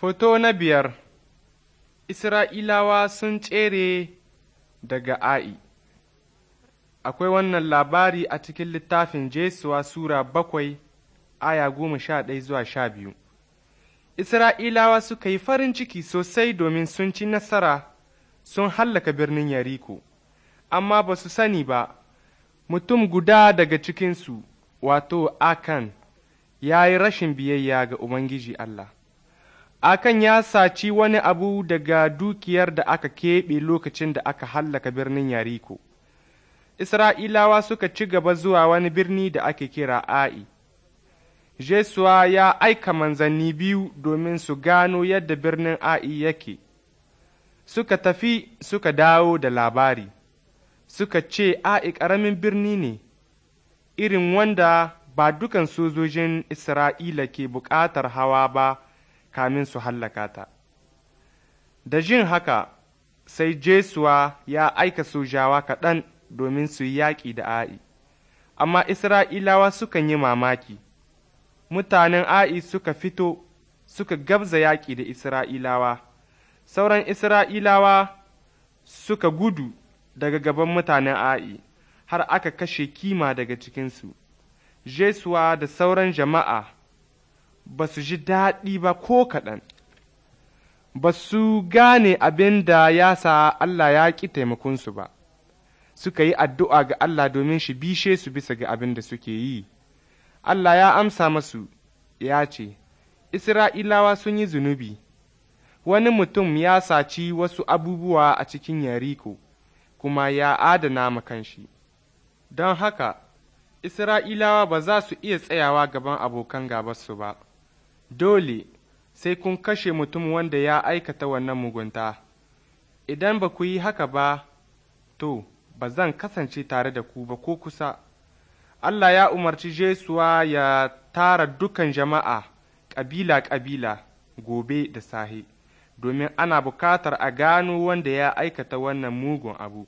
Foto na biyar Isra'ilawa sun tsere daga A'i Akwai wannan labari a cikin littafin Jesuwa Sura bakwai aya goma sha ɗaya zuwa sha biyu. Isra'ilawa suka yi farin ciki sosai domin sun ci nasara sun hallaka birnin Yariko, amma ba su sani ba, mutum guda daga cikinsu, wato Akan, ya yi rashin biyayya ga Ubangiji Allah. akan ya saci wani abu daga dukiyar da aka keɓe lokacin da aka hallaka birnin Yariko. Isra'ilawa suka ci gaba zuwa wani birni da ake kira A'i. Jesuwa ya aika manzanni biyu domin su gano yadda birnin A'i yake, suka tafi suka dawo da labari, suka ce A'i ƙaramin birni ne, irin wanda ba dukan sojojin Isra'ila ke buƙatar hawa ba. kamin su hallaka ta da jin haka sai jesuwa ya aika sojawa kaɗan domin su yi yaƙi da a'i amma isra'ilawa sukan yi mamaki mutanen a'i suka fito suka gabza yaƙi da isra'ilawa sauran isra'ilawa suka gudu daga gaban mutanen a'i har aka kashe kima daga cikinsu jesuwa da sauran jama'a ba su ji daɗi ba ko kaɗan, ba su gane abin da ya sa Allah ya ƙi taimakonsu ba, suka yi addu'a ga Allah domin shi bishe su bisa ga abin da suke yi. Allah ya amsa masu ya ce, Isra'ilawa sun yi zunubi, wani mutum ya saci wasu abubuwa a cikin yariko, kuma ya adana makanshi. kanshi. Don haka, Isra'ilawa ba za su iya tsayawa gaban abokan gabarsu ba. dole sai kun kashe mutum wanda ya aikata wannan mugunta, idan ba ku yi haka ba, to, ba zan kasance tare da ku ba ko kusa. Allah ya umarci Jesuwa ya tara dukan jama'a, ƙabila-ƙabila, gobe da sahi domin ana bukatar a gano wanda ya aikata wannan mugun abu.